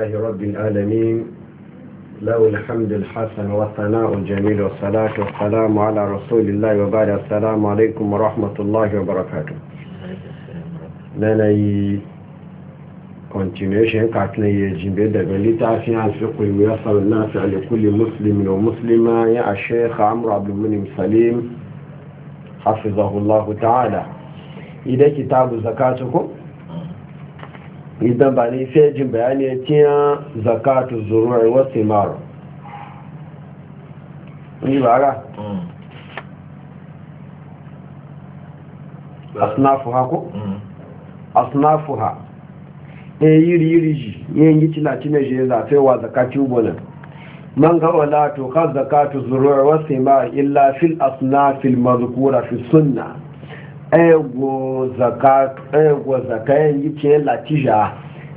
الله رب العالمين له الحمد الحسن والثناء الجميل والصلاة والسلام على رسول الله وبعد السلام عليكم ورحمة الله وبركاته نني continuation قاتنا يجيب دقا لتعفي عن فقه ويصل الناس لكل مسلم ومسلمة يا الشيخ عمرو عبد المنعم سليم حفظه الله تعالى إذا كتاب زكاتكم idan ba ne sai jin bayani ya ciya zakatu zuru'ar wasu maro ni ba ra mm. asnafuha ko mm. asnafuha e yiri yiri ji yin e, yi tilaci na shi zafe wa zakatu ubonin man ga wala to ka zakatu zuru'ar wasu maro illa fil asnafil mazkura fi sunna ego zaka yanyi ce latija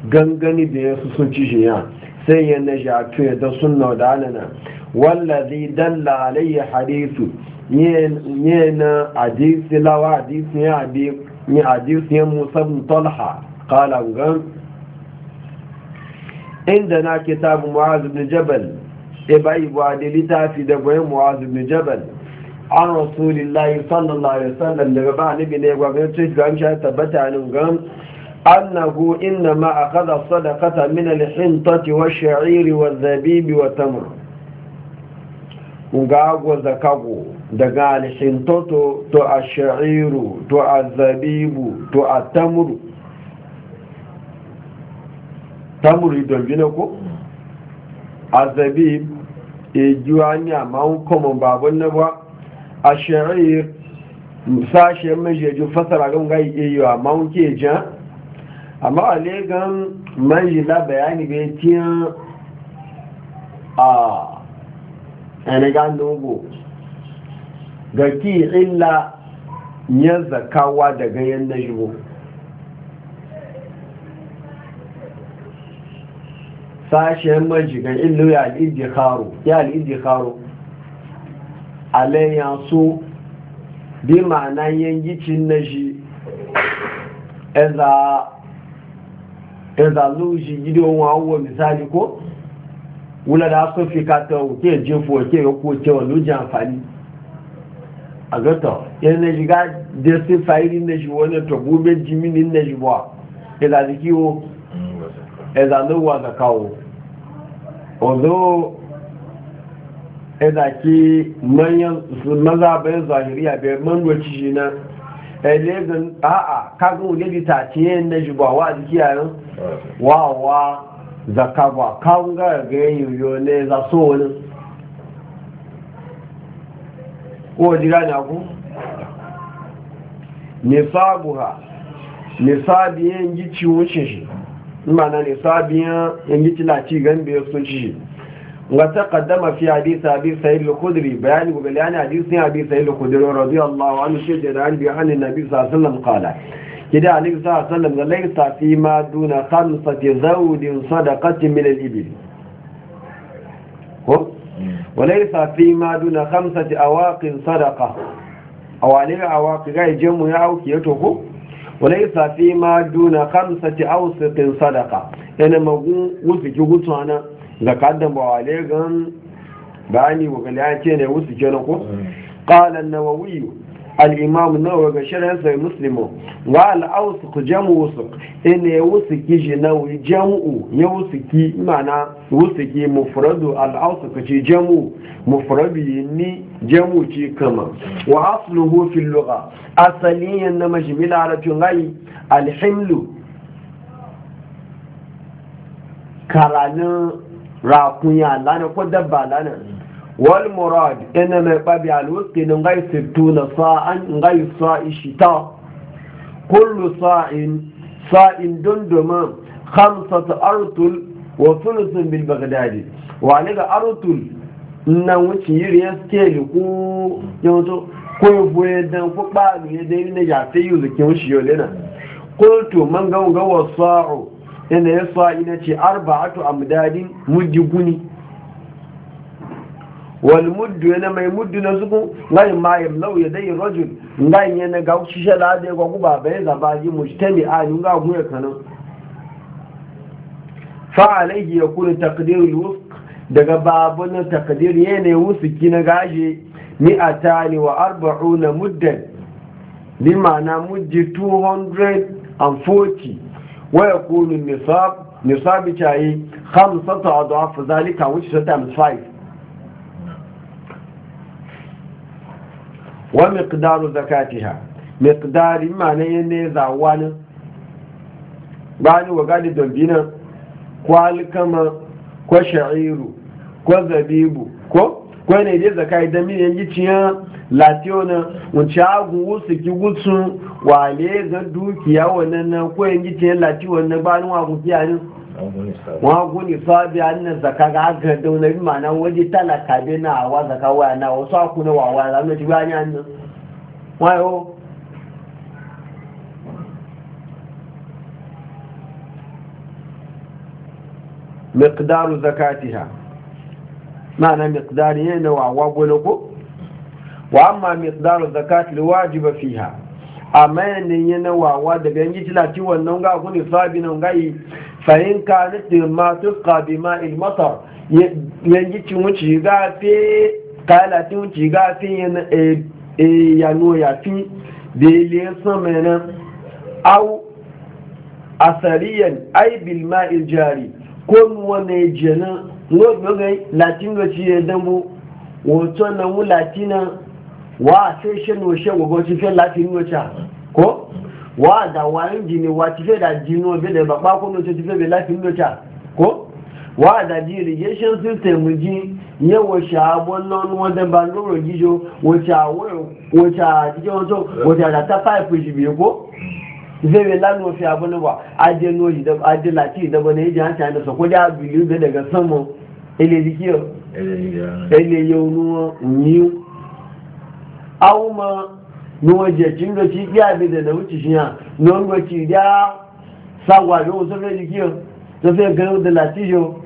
gangani da ya sun ci ya sai ya na tuye da sunna da alana wallazi dalla alayya hadithu na hadisi lawa hadisi ya abi ni hadisi ya musa mutalha kalangan inda na kitabu mu'az ibn jabal ibai wa da littafi da bayan mu'az ibn jabal an rasulillahi sallallahu alaihi wasallam daga ba ni ne gwagwar tuci ga amsha tabbata nan gam annahu inna ma akhadha sadaqata min al-hintati wa shairi wadh wa wat-tamr ngago zakago daga al-hintato to ash-sha'iru to adh-dhabibu to at-tamr tamr don bina ko A zabi, ejuwa ni amon komon babon na ba a shari'ir sashen majeji fasara gan gai iyo amma wuke jan amma a legan manjila bayani bai tiyan a yanagan dogo ga ki illa ya zakawa daga yan na jibo sashen majigan illu ya al'idikharu ya al'idikharu alayya so bi ma'ana yangicin na shi ẹza misali kó wúlọ́dá sọ fi kàtọ̀ òkè ìjẹ́fò òkè ìyókù na shiga dé sí fàírí na ṣe wọ́n tó bú na ṣe bọ́ ẹza ní kí ɗaya ke manyan bayan zahiriya bai manuwa shi na ɗaya eh, a'a wani wule ce yin na shi ba wa jiki yayin wawa zaka ba kawun ga ga yiwuyo ne za so wani kowa jira ne ku nisabuha yin gici wucin shi ma na nisabiyan yin gici ci gan biyar sun ci shi wata kaddama fi hadisa abi sayil al-khudri bayani ko bayani hadisi abi sayil al-khudri radiyallahu anhu shi da ran bi hanin nabi sallallahu alaihi wasallam qala kida ali sallallahu alaihi wasallam laysa fi ma duna khamsati zawdin sadaqati min al-ibil ho walaysa fi ma duna khamsati awaqin sadaqa aw alil awaq gai jamu ya au ki to ko walaysa fi ma duna khamsati awsiqin sadaqa yana magu wuzi gutuna zakat ba wale gan gani wakali ya ce ne wasu ke ku ƙalan na wawiyu al'imamu na waga shirin sai muslimu wa al'ausu ku jamu wasu ina ya wasu ki shi na jamu ya wasu ki mana wasu ki mufradu al'ausu ku ci jamu mufradu ni jamu ci kama wa asluhu hufin lugha asali yan na majmila arabin gai alhimlu karanin rakunya lana ko dabba lana wal murad inna mai babi al ne ngai sittu na sa'an ngai sa'i shita kullu sa'in sa'in dunduma khamsatu artul wa thuluthun bil baghdadi wa ne ga artul na wuce yiri ya scale ko yawato ko yoboye dan ko ba ne da ne ya fi yuzu kin shi yolena qultu man gawa ga yana ya sa ina ce arba'atu amdadin muddi guni wal muddu yana mai muddu na zuku ngai ma yamlau ya dai rajul ngai yana ga shi shala da ga guba bai zaba ji mujtami a ni ga guya kanan fa alayhi yakunu taqdiru al-wusq daga babun taqdir yana wusuki na gashi mi'atani wa arba'u na muddan bi ma'ana muddi 240 ويكون النصاب نصاب شاي خمسة أضعاف ذلك which is times five ومقدار زكاتها مقدار ما نيني زعوان bani wa gadi dambina ko alkama ko sha'iru ko zabibu ko kwai ne dai zakai da mi yanji ciya lationa na wuce agu wusu ki gutsu wale ga dukiya wannan na kwai yanji ciya lationa wannan ba nuwa gukiya ne wa guni sabi an na zaka ga ga da wani ma'ana waje talaka be na wa zaka wa na wasu aku na wawa da na ci ba ni an yo مقدار زكاتها ma'ana miqdari yana wa wa gole ko wa amma miqdaru zakat liwajiba fiha amma yanin yana wa wa daga yin jitila ci wannan ga ku ne gai fa in ka nita ma tusqa bi ma'il matar yan gici wuce ya fi da ile sama yana au asariyan ai bil ma'il jari kun ngo gbe latin go ci dambu wato na mu latina wa sai she no she go ci fe latin go cha ko wa da wa wa ti fe da jino be da baba ko no ti fe be latin go cha ko wa da ji ji ye wo sha bo wo ba loro gijo wo cha wo wo cha gijo to wo cha da ta ji bi ko zai bai lalo fi abu ne ba aje noji da aje lati da bane yaji hanci hannu sa ko da biyu da daga sama ele dikiyo ele yau nuwa nyi awu ma nuwa je kin da ci ya bi da wuce shi ya non go ci da sagwa yo so fe dikiyo so fe ga da lati yo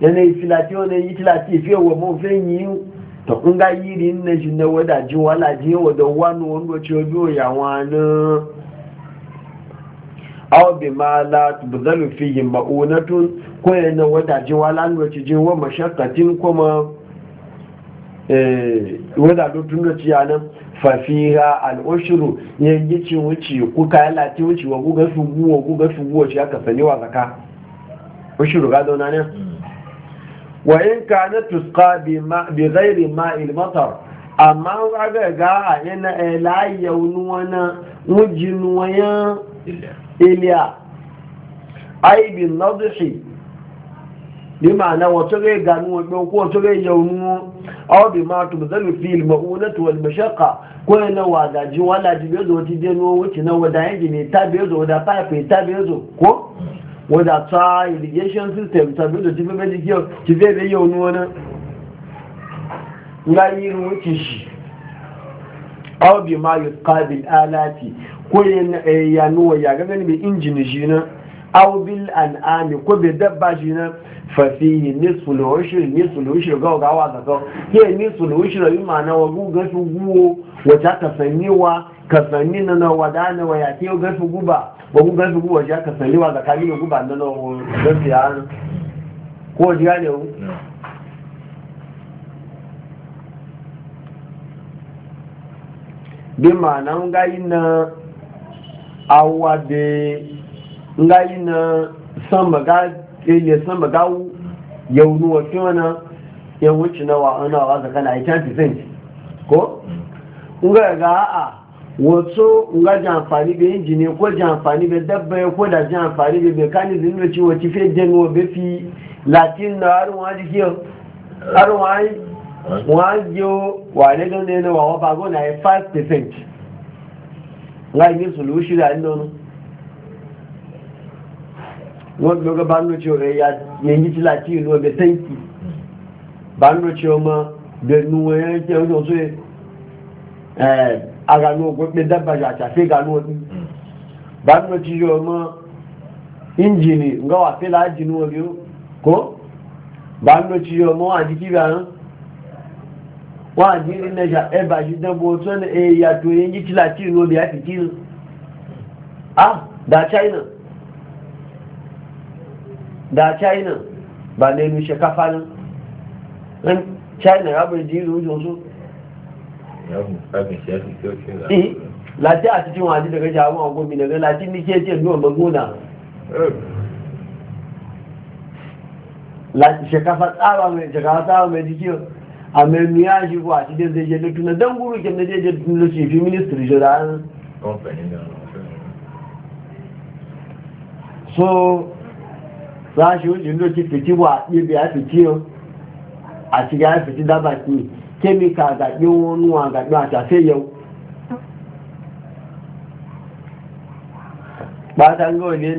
yana fi lati yo ne yi lati fi wo mo fe nyi to kun ga yi yiri ne shi ne wada ji wala ji wada wanu wanda ci obi o ya wani aw bi ma la tubzalu fihi ma'unatun ko yana wata ji wala ndo ci ji wa mashaqqatin kuma eh wada tun da ci yana fa fiha al ushru yayi ci wuci ku ka la ti wuci wa guga su buwo guga su buwo ci aka sani wa zakka ushru ga dona ne wa in kana tusqa bi ma bi ghairi ma'il matar amma ga ga yana eh, la yawnu wana wujinu wayan iliya aibin nadihi bi ma'ana wato zai gano wajen ko wato zai yaunu aw bi ma tu bazalu fi al ma'unat wal mashaqqa ko na yana wagaji wala ji be zo ti deno wuce na wada yanji ne ta be zo da pipe ta be zo ko wada ta irrigation system ta be zo ti be ji yo ti be be yaunu wana ngai ruwa ci shi aw bi ma yusqa alati ko eh, ya nuwa ya ga ganin bi injin shi na aw bil an'ami ko bai dabba shi na fa fihi nisful ushri nisful ushri ga ga wa zaka ke nisful ushri bi ma'ana wa gu gasu guwo wata ka sanniwa ka sanni na na wadana wa ya ke ga su guba ba gu ga su guba ja ka sanniwa da kali guba na na ya? ko ji gane ku bi ma'ana ngai na awa de yi na sama ga ile sama ga yaunu wa kiwana yan wuce na wa wa zaka na ita ko nga ga a wato nga ji amfani da injini ko ji amfani da dabba ko da ji amfani da mekanizm da ciwo ci fi latin na har wa ji wa wa wa ne don ne na wa ba go na 5 e percent láì ní sùlù ṣíra nínú wọ́n bí ọgọ́ bá ń lọ́tí ọ̀rẹ́ ya yẹnjí tí láti ìlú ọgbẹ̀ tẹ́ǹkì bá ń lọ́tí ọmọ bẹ̀rù ẹ̀yẹn tí ọjọ́ tó ẹ̀ aganú ogun pé dábàjá àtàfẹ́ ganú ọdún bá ń lọ́tí ọmọ ìjìnì ńgọ́wà fẹ́ ko ọgbẹ̀ kó bá ń lọ́tí ọmọ àdíkíra náà wọ́n àdírí lẹ́jà ẹbà ìdánbò tó ní èyà tó yẹn jí tí láti ìlú olè àti kí ah da china da china ba lẹ́nu iṣẹ́ china rábọ̀ ìdí ìlú oṣooṣù láti àti tí wọ́n àdídẹ̀gẹ́ jà àwọn gómìnà rẹ̀ láti a mai miya shi ko a cikin zai je lutu na dan guru kin da zai je tun lutu fi ministry shi da so za shi wuce lokaci fiti wa ɗibi a fiti a cikin ya fiti da baki kemika ga ɗiwon nuwa ga ɗiwa ta sai yau ba ta ga wani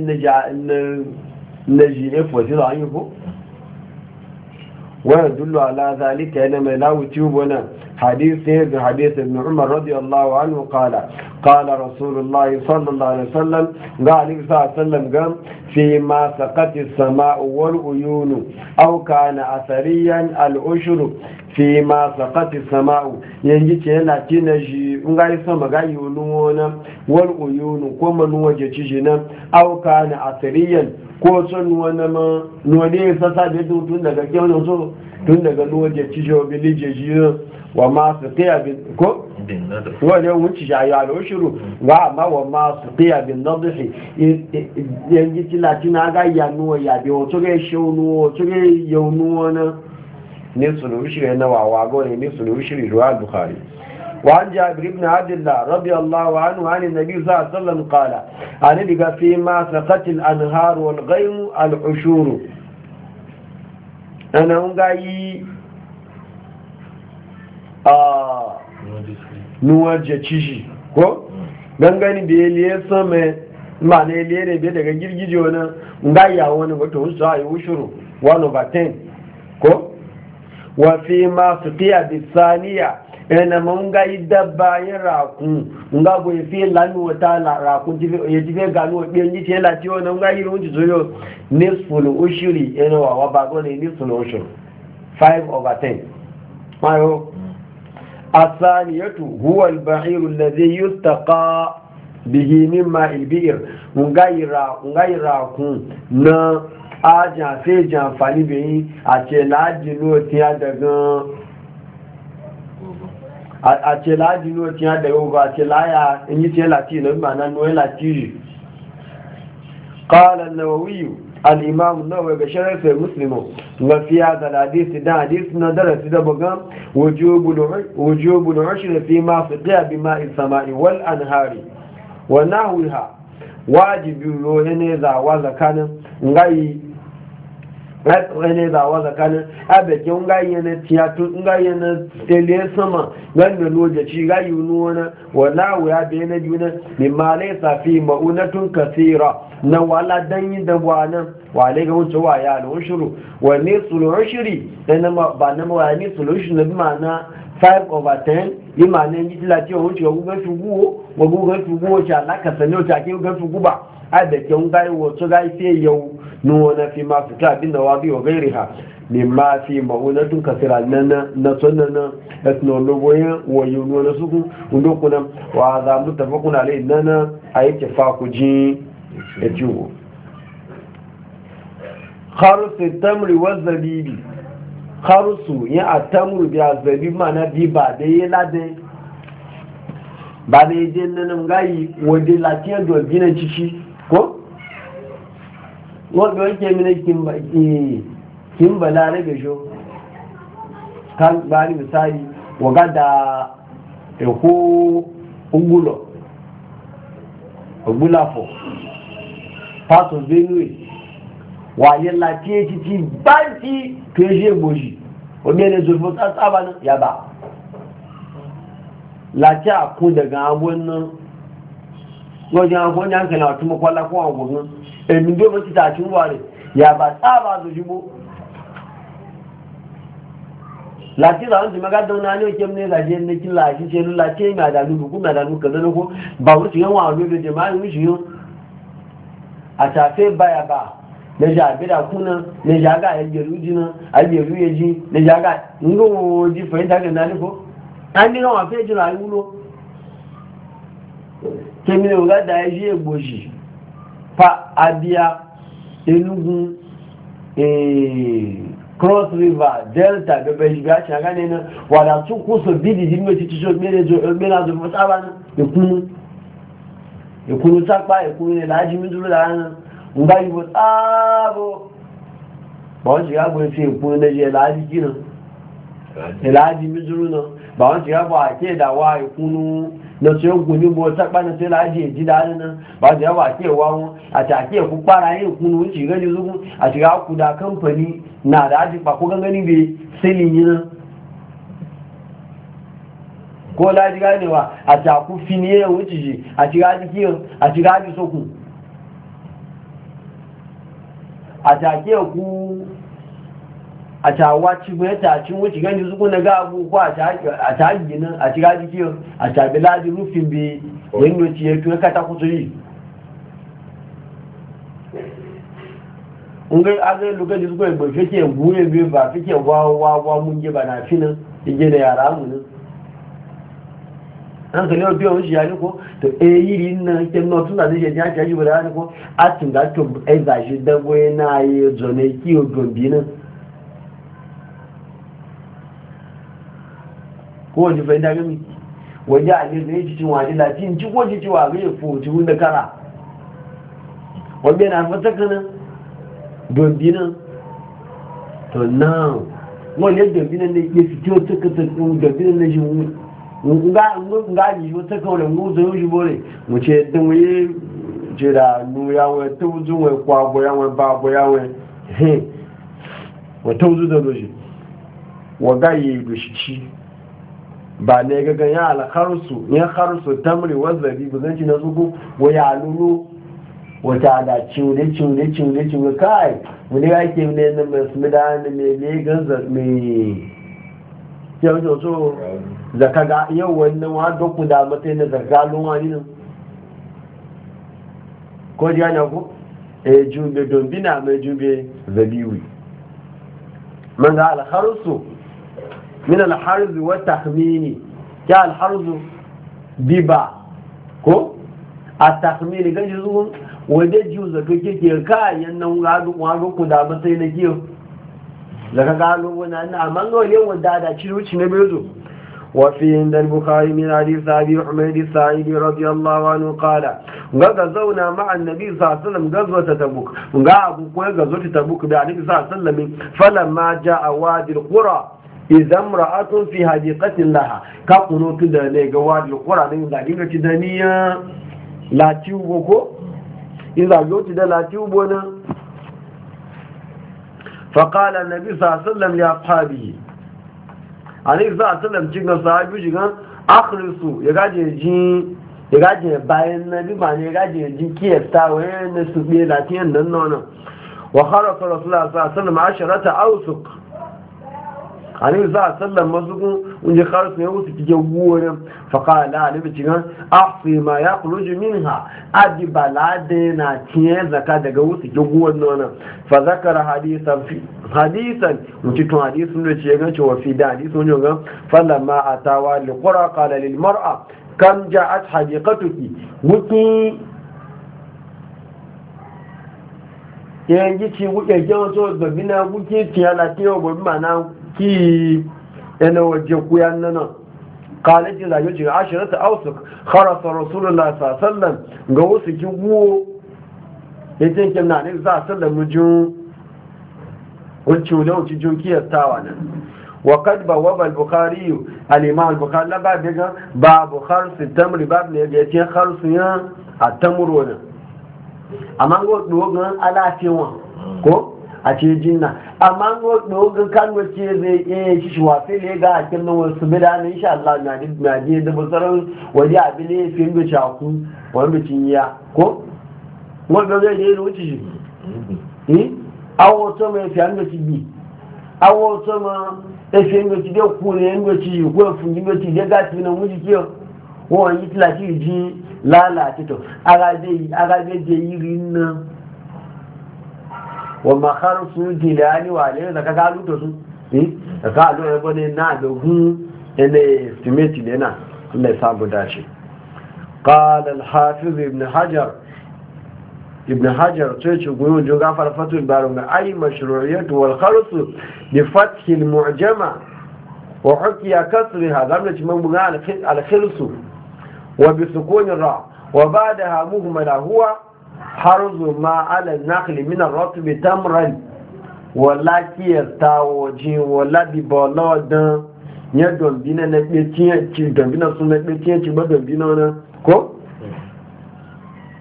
na ji ne fosi da an yi ko wani dullo alazalika yana mai lawuci wani hadisi da hadisi ibn umar radiyallahu anhu kala kala rasulullah sallallahu alaihi sallam ga alifu sallam gan fi ma sakati sama uwar uyunu au kana asariyan al'ushuru fi sama'u! sakati sama u yanzu ce yana cina shi in ga yi sama ga yi wani wani wal uyunu ko manuwa jaci shi nan au ko son wani ma nuwane ya sassa da yadda tun daga kyau so tun daga nuwaje ci shi obin lije shi yi wa ma su tiya bin ko wani yawon ci shi a yaro shiru ga amma wa ma su tiya bin na dushi yan ji ci latina ga ya nuwa ya bi wato ga shi nuwa wato ga yau nuwa na ne su nuwa shiri na wawa ga wani ne su nuwa shiri ruwa bukari وعن جابر بن عبد الله رضي الله عنه عن النبي صلى الله عليه وسلم قال أن بك فيما سقت الأنهار والغيم العشور أنا أنقعي نواجه تشيشي gangani da ya liye sama ma na ya liye bai daga girgije wani ngaya wani wata wasu a yi wushuru wani batten ko wafi masu fiya bisaniya ena munga idaba yin rakun nga bo ife lanu wata rakun ya ti fe ganu o pe ni ti ti ona nga yiri unji soyo nisful ushuri ena wa wa bago ni nisful ushuri 5 over 10 mayo asaniyatu huwa al alladhi yustaqa bihi mimma al nga yira nga yira na ajan fe jan fani bi a ce lajinu ti adagan a ce laji no ti da yau ba ce laya in yi ce lati na ma nan noye lati qala an-nawawi al-imam an-nawawi ga sharh muslim wa fi hadha da hadith da hadith na darasi da bugan wujubul wujubul ushri fi ma bi ma'in samai wal anhari wa nahwiha wajibi ro ne za wa zakanin ngayi. wani zawa tsakanin abeke nga yi na tiyatu nga yi na tele sama gan da loja ci ga yi wani wala wuya bai yana juna ma lai safi ma'unatun kasira na wala dan yi da wani wale ga wuce wa ya alwun shuru wani sulun shiri ba na mawa ni sulun shiri na bi ma'ana 5 over 10 yi ma ma'ana yi tilaci wa wuce wa gugan shugu wa gugan shugu wace alaka sanyo ta ke gugan shugu ba abeke nga yi wasu ga yi fiye yau nuna fi ma fita bin da wadi wa gairi ha ne ma fi ma'unatun kasira na na na sunan etnologoyin wayo nuna suku hundukunan wa za mu tafi kuna lai na a yake fakujin da ciwo harusu tamri wa zabibi harusu ya a tamru biya zabi mana bi ba da yi ladin ba da yi jin nanin gayi wajen lafiyar dobi na ciki ko wọ́n bẹ̀rẹ̀ jẹ́ mi ní kí n bà láàrin gẹ̀ṣọ́ kan bá ní misali wọ̀gádà ẹ̀kọ́ ogúlọ̀ ogúláfọ̀ pàtó benue wà yẹ láti ẹ̀kí ti báńkì kẹṣẹ́ ìgbòjì omi ẹni zòfò sábà yàbá láti àkún dẹ̀gàn abọ́ náà wọ́n jẹ́ àwọn fọ́nyáǹkẹ̀ èmi tó mọ́ títà àti ń wà rẹ̀ yàbá sáàbà àtòjúgbó láti ìlànà tí maka dán náà ní òkè mú ní ìlàjẹ́ ní kí láàájí ṣe ló láti èmi àdàlú bùkún mi àdàlú kẹ̀lẹ́ lóko bàbá ti yẹn wọn àwọn olóòdè máa ń ṣe yún àtàfẹ́ báyàbá lẹ́jà àgbẹ̀dà kúnná lẹ́jà àgà ẹgbẹ̀rú jiná ẹgbẹ̀rú yẹjí lẹ́jà àgà ńlọ òòjì fẹ̀yìntà kẹ̀lẹ́ nípò á ní àwọn àfẹ́ jùlọ àríwúlò kẹmi ò gá da ẹjí ègbòjì pa abia enugu eh, cross river delta da bai shiga shi haka ne na wada su kusa bidi jini mai titi shot mere zo mera zo mata ba na ikunu ikunu takpa ikunu ne laji mi duro da na nga yi ah, bo tsabo ba wani shiga gwe fi ikunu na je laji gina laji mi duro na ba wani shiga ba a ke da wa ikunu na so yau guni bo ta kpani sai laji ya ji da nan ba da yawa ke wawo a ta ke ku fara yin kunu ci gani zuku a shiga ku da kamfani na da aji ba ku gangani bai silin ni nan ko laji wa a ta ku finiye ya wuce shi a shiga aji kiyo a shiga aji soku a ta ke ku a tawa ci mai tacin wuce gani zuku na ga abubuwa a ta ginin a shiga jikin a tabi ladi rufin bi wani oh. yau ci ya tuwa kata kusa yi in ga azai lokaci zuku ya gbafi fike buye biyu ba fike ke wawawa mun giba na finin ige da yara mu nan an kalli wa biyan shi ya ni ko to e eh, yiri nan ke no tun da je ya ta ji bura ni ko a tun da to ai eh, da shi da boye na yi zo ne ki o gombi nan kowace fahimta gami waje a jirgin yin cikin waje latin ci ko ci cewa ga yafo ci wunda kara wanda yana fata kanan to nan wani yadda dombi ne ya fi kyau ta kasa dombi na shi nga yi wata kawai mu zai yi bore mu ce din wuye ce da nu ya wai tawzu wai kwabo ya wai babo ya wai he wa tawzu da doshi wa ga yi doshi ba ne gagan ya alharsu ya harsu tamri wa ba zan ci na zubu wa ya lulu ta da ciwne ciwne ciwne ciwne kai mun ya ke ne na masu da ne me ne gan zarme yau yau so da ga yau wannan wa doku da mata ne zaka lon wani nan ko ji ana ko e eh, jumbe bina mai jumbe zabiwi man ga alharsu min alharzu wa tahmini ya alharzu biba ko a tahmini ga ji zuwa wajen ji zato kike kayan nan gado gado ku da sai na kiyo daga gado wani na amma ga wani wanda da ci ruci na bezo وفي عند البخاري من حديث أبي حميد السعيدي رضي الله عنه قال غزونا مع النبي صلى الله عليه وسلم غزوة تبوك غابوا غزوة تبوك بالنبي صلى الله عليه وسلم فلما جاء وادي القرى idan ra'atun fi hajiqatin laha ka tu da ne ga wadi qur'anin da dinga ci daniya la tiubo ko in yo ci da la tiubo na faƙala na bi sallallahu ya wasallam li yi alaihi sallallahu alaihi wasallam cin ga sahabi shiga akhrisu ya gaje ji ya gaje bayan na bi ma ne ya gaje ji kiyasta na su be latiyan nan nan wa kharaqa rasulullah sallallahu alaihi wasallam asharata awsuq ani za a sallan mazugun unje kharis ne wusu kike guwore fa qala ali bicigan ahsi ma yakhruju minha adi balade na tiye zaka daga wusu kike guwon nan fa zakara hadisan fi hadisan mutu to hadisin da ce ga cewa fi da hadisin ne ga falamma atawa liqura qala lil mar'a kam ja'at hadiqatuki wuki yanzu ci wuke gyan so na wuke tiyala tiyo ma na ki ene waje kuyan nan kale ji la yuji asharata awsuk kharasa rasulullah sallallahu ga wasu ki wo yake kin na ne za sallallahu muju wancu da wancu jun ki yattawa nan wa qad bawaba al-bukhari al-imam al-bukhari la babu ga babu kharas al-tamr bab ne ya ce kharas ya at-tamr wa amma go do ga ala ko a ce jinna amma ɗogin kan ce zai iya shi shi wafe ne ga hakin nan wasu bida na insha Allah na ji na ji da basarar waje abin ne fi da shaku wani mutum ya ko wanda zai da yi wuce shi eh awo to mai fi an da bi awo to ma e fi an da da ku ne an da ci ko fun ji da ci da ga ti na mu ji kiyo wọ́n yi tí láti jí lálàá títọ̀ ara dé yìí rí náà wọn kára su dìlẹ̀ á ní wà lẹ́yìn ẹ̀ka káàlù tó sùn ní ẹ̀ka àlọ́ ẹ̀bọ́ ní náà ló gún ẹni ẹ̀stimẹ́tì lẹ́nà ilẹ̀ sábúdá ibn hajar tó yẹ ṣùgbọ́n yóò jọ gáfà fatu ìgbàlù mẹ́ mu'jama wa xukiya kasri ha wa bisu ra wa huwa harzu ma ala nakli min ar-ratbi tamran wala kiyata waje wala bi bolodan ya dombina na ɓetiyan ci dombina sun na ɓetiyan ci ba dombina na ko?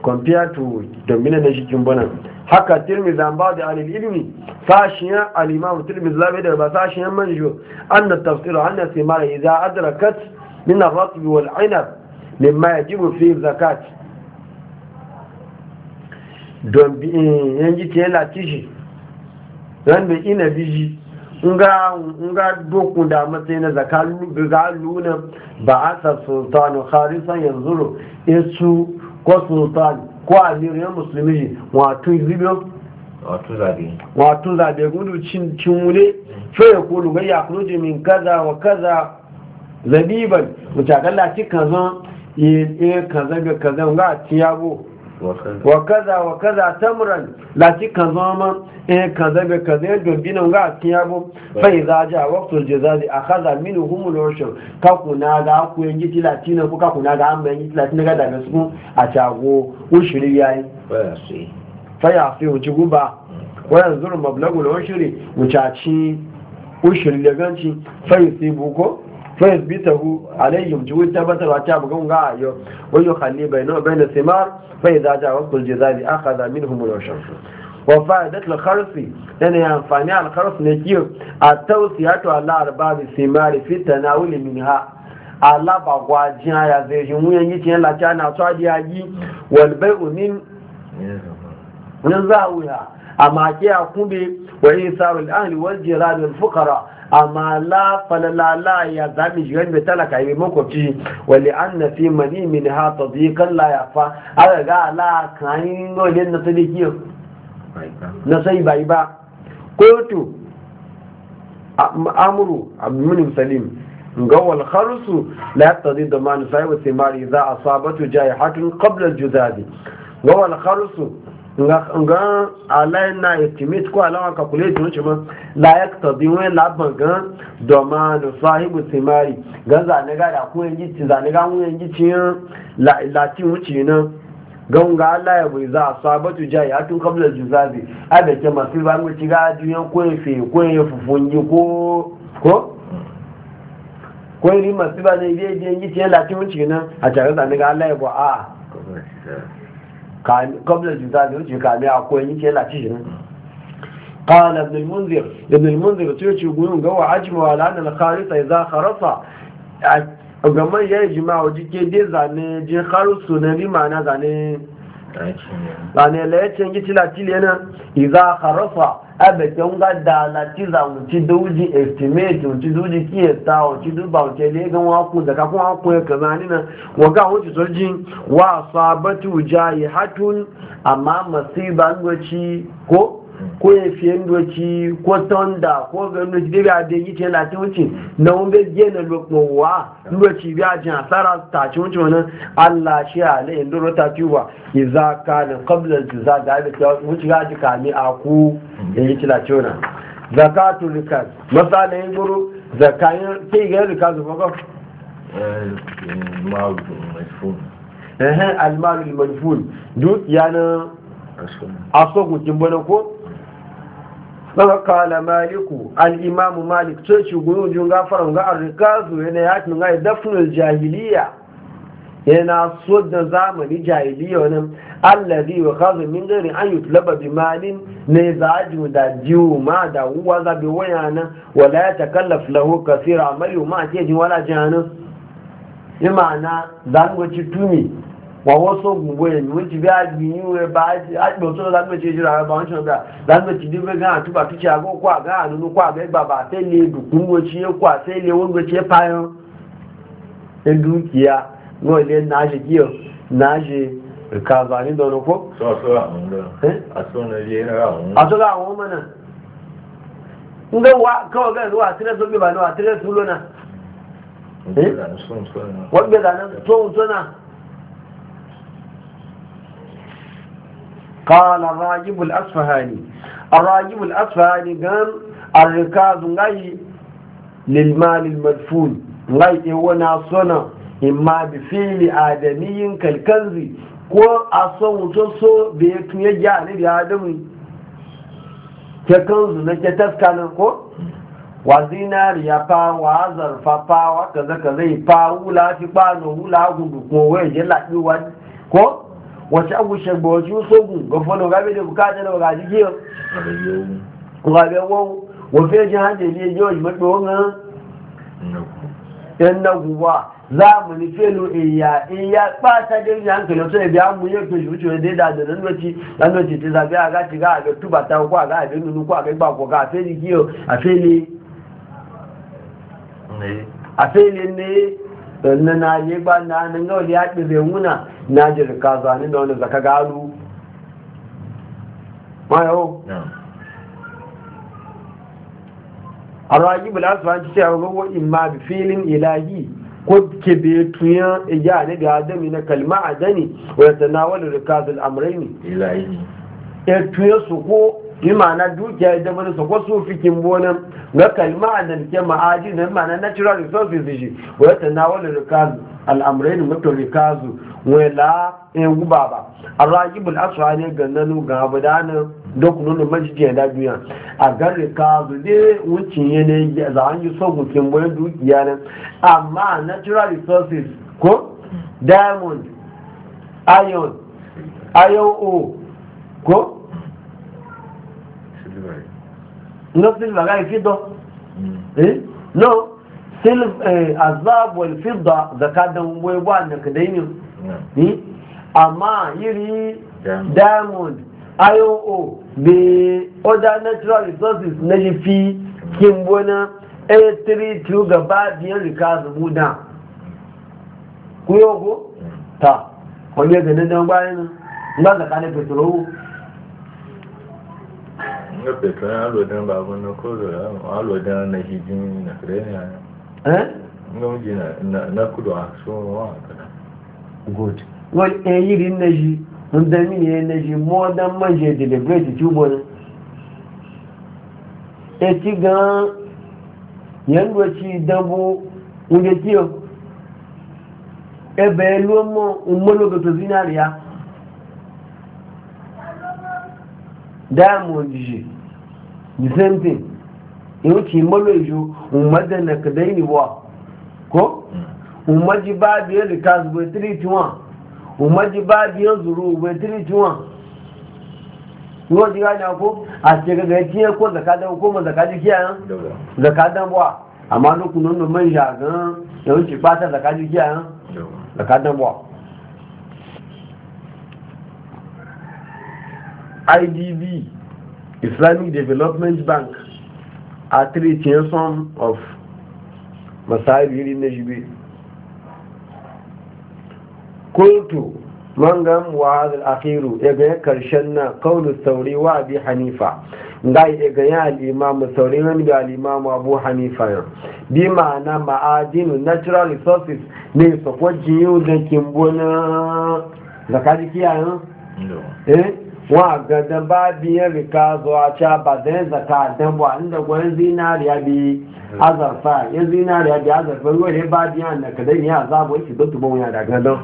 compared to dombina na shi kin bana haka tirmiz an ba da alil ilmi sashiyan alimamu tirmiz labe da ba sashiyan manjo an na tafsiru an na simara idan adrakat min arrasbi wal ainab mimma yajibu fi zakat don bi eh, yanji te latishi don bi ina biji nga nga doku da matsayi na zakalu ga luna ba asa sultanu kharisan yanzuru isu ko sultan ko amirin musulmi wato zibiyo wato zabe gudu cin wule ko ya kulu ga ya kulu min kaza wa kaza zabiban mutakalla ci zan e kaza ga kaza ga tiyago wa kaza wa kaza tamran la ci zo ma kan e, kaza be kaza ya dobi nan ga ci yabo fa a ja waqtul jazazi akhadha minhum al-ushur ka kakuna ga ku yanji tilatina ku ka kakuna ga amma yanji tilatina ga daga su a cago ushuri yayi fa ya fi wuci guba wa yanzuru mablagul ushuri wucaci ushuri da ganci fa yusibu ko fayas bitahu alayhim juwud tabbatar wa ta bugun ga ayo wa yukhalli bainahu bain thimar fa idza ja'a waqtul jizali akhadha minhum al-sharf wa fa'idat al-kharf yana ya amfani al-kharf ne kiyo at-tawsiyatu ala arbab thimar fi tanawul minha ala bagwajin ya zai yi mun yi tin la ta na so di ayi wal bai'u min nan za wuya amma ke akumbe wa isarul ahli wal jiran wal fuqara amma la falala la ya zami jiran mai talaka yi makwabci wa li an fi mani min ha tadiqan la fa? aga ga la kan no na na sai bai ba kotu amru abdul salim قوى الخرس لا يقتضي ضمان صاحب الثمار إذا أصابته جائحة قبل الجذاذ قوى الخرس nga alayin na estimate ko ka kule alawa calculate wuce ma layak tabi la laban do ma no sahibu simari gan ne ga da kuwa yi za ne ga mu wani la la ti mu wuce na gan ga ala ya bu za sabatu jai ya tun kabla juzabi ada da ke masu ba mu ci ga juyan ko ya fe ko ya fufungi ko ko ko ma masu ba ne ide biye biyan yi la ti mu wuce na a ta ga za ne ga ala ya ba a قبل الجزاء يوجي كامي أقوي نيكي لا تجن قال ابن المنذر ابن المنذر تيجي يقولون قوى عجم على أن الخارطة إذا خرطة أقمان يجمع وجيكي دي زاني جي خرص سنبي معنا زاني ba ne la yace ngi tila tile na idza kharafa abe ke nga da la tiza mu ti duji estimate mu ti duji ki ta o ti duba o te le gan wa ku da ka ku wa ku ka zani na wa ga wuce solji wa sabatu jahihatun amma ko ko ya fiye doki ko tonda ko ga doci da biya da yi ce na ci wuce na wunga gena lokowa doci biya jin asara ta ci wuce wani allah shi a na indoro ta ci wa ya za ka na kablar su za ga abin wuce ga ji kami a ku ya yi tilace wani zakatu rikas masalayin guru zakayin ke ga rikas ba eh, eh, almalu manfun duk yana aso gukin bane ko daga kala maliku imamu malik coci gudun jun gafara ga arrikazu yana yakin ga dafnul jahiliya yana sojda zamani jahiliya wani allazi wa kazu min gari an yi bi malin ne za a da jiwo ma da uwa za bi waya nan wala ya ta kasira mai yi ma a ke wala jihanin za mu ci tuni wọ́wọ́ sóògùn bóyẹ̀ ní wọ́n ti bí agbìyàn rẹ̀ bá ágbẹ̀ tó lágbẹ̀tì ìṣẹ́ ara bá ń ṣe ọ̀gá lágbẹ̀tì gán àtúbà tó ṣe àkókò àgá àrùn kó àgẹ́ bàbà àtẹ́lẹ̀ ìdùnkún bó ṣe kó àtẹ́lẹ̀ owó gbé ṣe páyán ẹdúkìá náà ilé náà ṣe kí náà ṣe kàbà nídọ̀nà wa قال الراجب الأصفهاني الراجب الأصفهاني قال الركاز غي للمال المدفون غي هو ناصنا إما بفعل آدمي كالكنز ko a son wuce so da ya tuye adamu ke na ke taskanin ko wa zinari ya fa wa zarfa fa wa kaza kaza fa wula fi ba no wula gudu ko waye ya wani ko wacce abu shagbawa ju sogun ga fano gabe da bukata na ga jike gabe wawu wafe jin hajji ne yau mafi wani yan na guba za mu ni felo iya iya bata da yin hankali to biya mu yau ke shuci wanda ya dada nan wace nan wace ta zabi a gaci ga ga tuba ta ko a ga a bin nunu ko a ga ba ko ga a feli kiyo a feli a feli ne sannan yi ba na nan gawa da ya ƙi zai Naje da rika da wani zaka galu mayo a ragi bulasuwa ci a gawo imma bi filin ilahi ko ke bai tuya e ya ne da adami na kalma adani wa tanawal rikazul ne ilahi ya e tuya su ko bi ma'ana dukiya da mana su kwaso fikin bonan ga kalma da ke ma'aji na ma'ana natural resources shi wata ta na wani rikazu al'amurai da mutum rikazu wai la in guba ba a ragibul aswa ne ga nanu ga abudanin dokunan da majijiyar da duniya a ga rikazu ne wucin yanayi za an yi sogun kin boyan dukiya nan amma natural resources ko diamond iron iron ko no silva ga kido eh no silv eh, azab wal fidda zakat da mu ba da kadaini eh amma yiri diamond iron ore be other natural resources na fi kimbona a3 e tu gaba biyan rikazu buda ku yogo mm. ta wani ga nan bayan ba zakat petrol yau petro ya lodin babu na kodo ya ma na hijin na kreni ya eh ngonji na na kudu a so wa kada. good wal eh na ji mun dami ne na ji mo dan manje deliberate ti ne e ti gan yan ci dambo unge ti o ebe lu mo umolo go to diamond ji the same thing yau ce malo ju umarda na kadai ni wa ko umarji ba biyar da e kasu bai tiri tiwa umarji ba biyar e zuru bai tiri tiwa yau ji gani ko a ce ga gaci ko zakadan ko ma zakaji kiyaye zakadan wa amma lokacin nan mai e ga yau ce fata zakaji kiyaye zakadan wa idb islamic development bank a treating some of Masai na Jibi kultu mangan wa'azin akhiru ya karshen na kaunar sauri wa abi hanifa ga ya ganya al'imamu sauri wani ga al'imamu abu hanifa yau bi ma'ana ma'adinu natural resources ne sakwajin yau da kimbo na zakari kiyayen eh wa gada ba biyan rika zuwa ca ba zai zaka dan bu inda gwan zinariya bi azarfa ya zinariya bi azarfa ruwa ne ba biyan na kadan ya azabu yake dutu ba wani daga don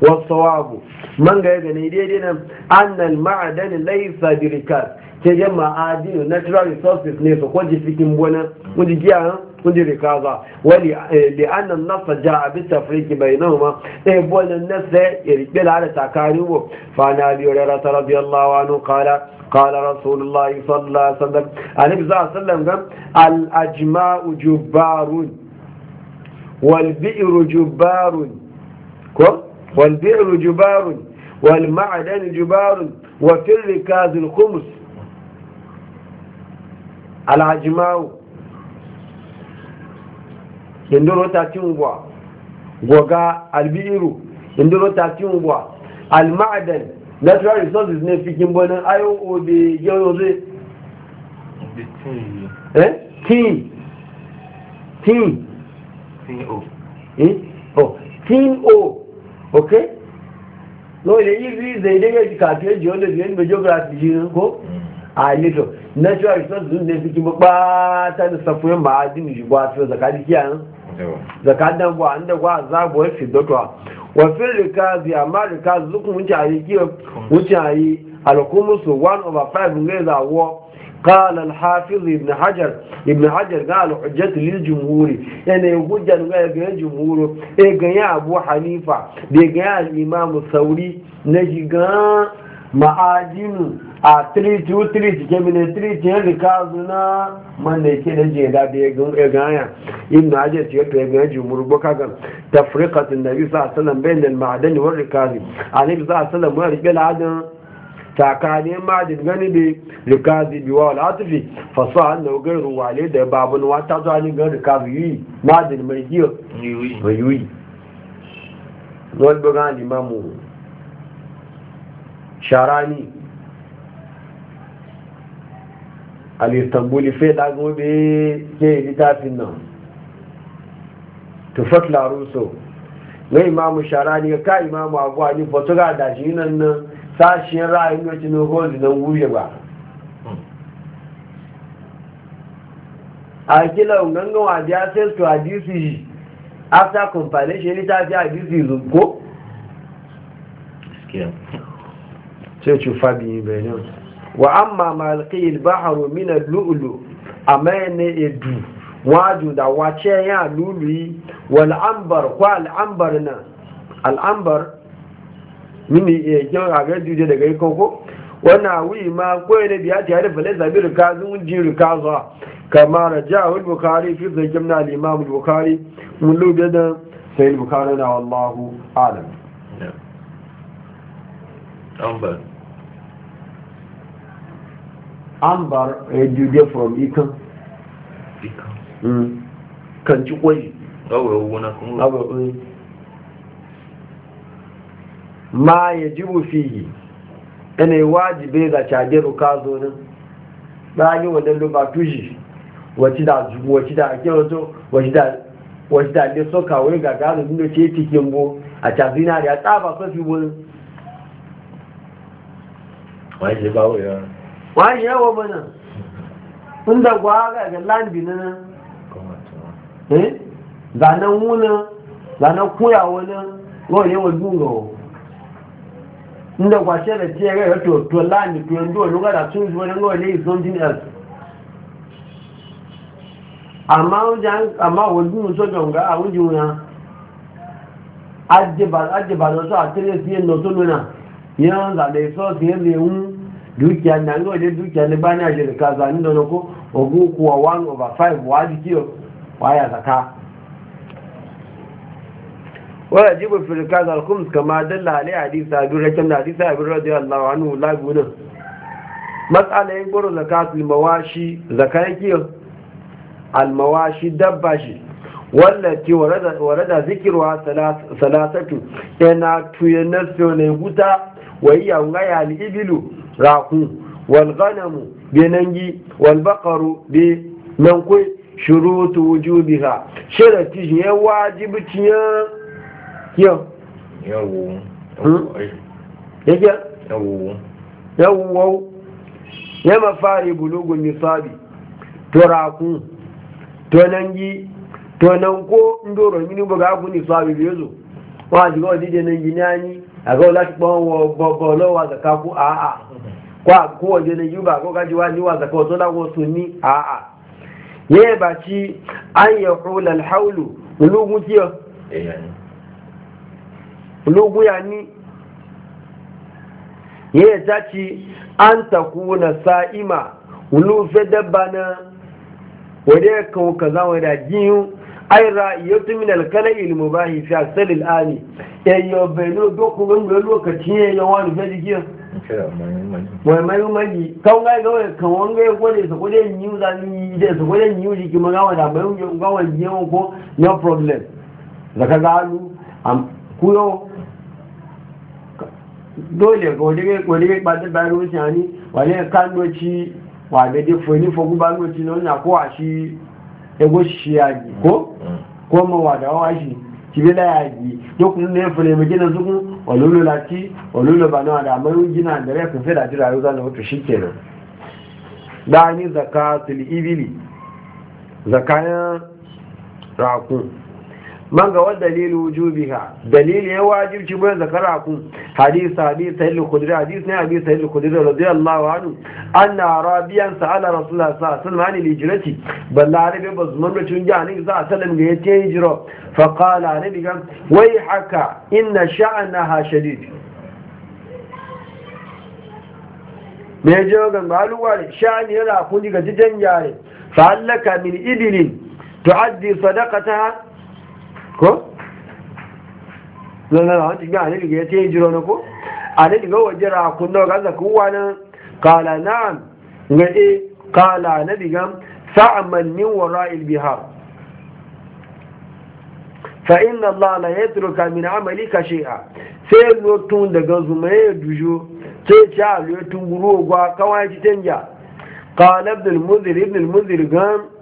wasu wabu man ga yaga ne daidai nan annal ma'adan laisa bi ke jama'a dino natural resources ne su kwanci cikin gona wajen ولركاضة ولأن النص جاء بالتفريق بينهما إبوال إيه، النص يرقل على تكاريه فأنا أبي هريرة رضي الله عنه قال قال رسول الله صلى الله عليه وسلم النبي صلى الله عليه وسلم الأجماء جبار والبئر جبار والبئر جبار والمعدن جبار وفي الركاز الخمس الأجماء indoro ta tingwa goga albiru indoro ta cingwa. alma'adan natural resources ne fikin bonin ayo obe yoyoze eh tin tin tin o eh oh tin o okay no ile izi ze idege ti kati eji o le e ni ni geography ji ko a ah, little natural resources ne fikin bo pa ta ni safuye ma adini jugwa afi o zakadi kiyan dan gwa inda gwa zabu wa fi dotwa wa fi rikazi amma rikazi zuku wuce ayi kiyo wuce ayi alkumusu 1 over 5 ngai zawo قال الحافظ ابن حجر ابن حجر قال حجة للجمهور يعني حجة غير الجمهور إيه أبو حنيفة بيجي الإمام الثوري نجي معادن a 323 jike mine 310 ka zuna manne ke da je da da ya ganya in na je ce to ya ganya jumur boka ga tafriqatun nabi sallallahu alaihi wasallam bain al ma'dan wal rikazi alayhi sallallahu alaihi wasallam ya rike ladan takane ma'adin gani bi rikazi bi wa alatifi fa sa anna gairu wale da babu na wata zuwa ni ga rikazi yi ma'adin mai giyo mai yi wani bugan limamu sharani al'istanbuli fai dagon be ke littafin nan tufat laruso na imamu Shara, sharani ka imamu abuwa ni fotoga da shi nan nan sashen ra'ayin yau na holdi nan wuye ba a kila gangan a biya sai to hadisi after compilation littafi hadisi zuko sai cufa biyu benin wa amma malqi al-bahru min al-lu'lu amane edu waju da wace ya lului wal ambar ko al al'ambar na al ambar min e eh, jan aga dide daga koko wana wi ma ko ne biya ti da fale zabir ka zun jiru ka za kama rajahu al-bukhari fi zakamna al-imam al-bukhari mun lube da sai bukhari na wallahu alam ambar ambar ya eh, jude from ikan mm. kan ci kwai ma ya ji bufi yana wajibe ga cadiru ka zo nan bayan wannan lubatushi wacce da wacce da ake wato wacce da wacce da ne so kawai ga gano da ce cikin bo a cazina da ya tsaba sofi bo wajibawa yawon wọ́n yẹ wọ́n bọ̀ náà ń dàgbà gàgà láǹdì náà ẹ́ zànà wú náà zànà kúyàwó náà wọ́n yẹ wọ́n dùn lọ́wọ́ ń dàgbà ṣẹlẹ̀ tí ẹ̀rẹ́ rẹ̀ tó tó láǹdì tó ń dùn lọ́gàdà tó ń dùn lọ́wọ́ lé something else àmà wọ́n e na sọ́jọ́ nga àwọn wọn àtẹ́lẹ́sí ẹ̀ nọ́tọ́ lónà yẹn ẹ̀ lè ń dukiya na ngo je dukiya ne ba na je da kaza ni don ko ogu kuwa 1 over 5 waji kiyo waya zaka wala jibu fil kaza al khums kama dalla ali hadith abi rakam na hadith abi radiyallahu anhu la guna mas'ala yin goro zakatul mawashi zakai kiyo al mawashi dabbashi wallati warada zikirwa salatatu yana tuye nasio ne guta wa iya ngaya al ibilu raku wal ganamu bi nangi wal baqaru bi nankoi shurutu wujubiha sharati ya wajibi tiya yo ya yake ya yawo ya mafari bulugun nisabi to raku to nangi to nanko ndoro mini buga ku nisabi bezo wa jiga wadi de nangi nani aga wala ti pon wo bobo a kwa kowaje na yuba ko gaji wani wa zaka wato na wasu ni a'a ya ba ci an ya hula alhaulu ulugu kiyo eh, ulugu ya ni ya ta ci an ta kuna sa'ima ulufe dabba na wadda ya kawo kaza wadda jiyu ai ra'ayyatu min alkala'il mubahi fi asalil ani yayyo bai lo dokunan lokacin yayyo wani fadi kiyo wai mai magi kan gai gawai kan wangai ko da su kudin yiwu za ni da su kudin yiwu jiki ma gawa da bayan gawa ko no problem da ka galu am kuyo dole ko dige ko dige ba da bayan ani wale kan noci wa be de ni fo ku ba doci ko ego shi e ko mm. ko ma wa da wa shi kibila aji dokun ne fure me gina zugun walulu lati walulu ba nawa da mai gina da rai sun sai da jira yau zan wato shikenan da ni zakatul ibili zakayan rakun Mangawar ga wadda dalilu wujubiha dalili ya wajibci bai zakara ku hadis hadis sahih al-khudri hadis ne hadis sahih al-khudri radiyallahu anhu anna rabiyan sa'ala rasulullah sallallahu alaihi wasallam an hijrati ballare be bazman da tun ja ne za sallam ga yace hijra fa qala nabi ga wai haka inna sha'naha shadid me sha'ni yana kun ga jijan yare fa min ibilin tu'addi ta? ko zanga na wancan gina ga ya ce yi jiro na ko a ne daga waje rakun da gaza kowa nan kala na'am ga e kala na digan sa'amannin wara ilbihar fa inna Allah la yatruka min amalika shay'a sai lotun daga zumaye dujo sai cha a lotun guru gwa kawai ci canja qala ibn al-mudhir ibn al-mudhir gam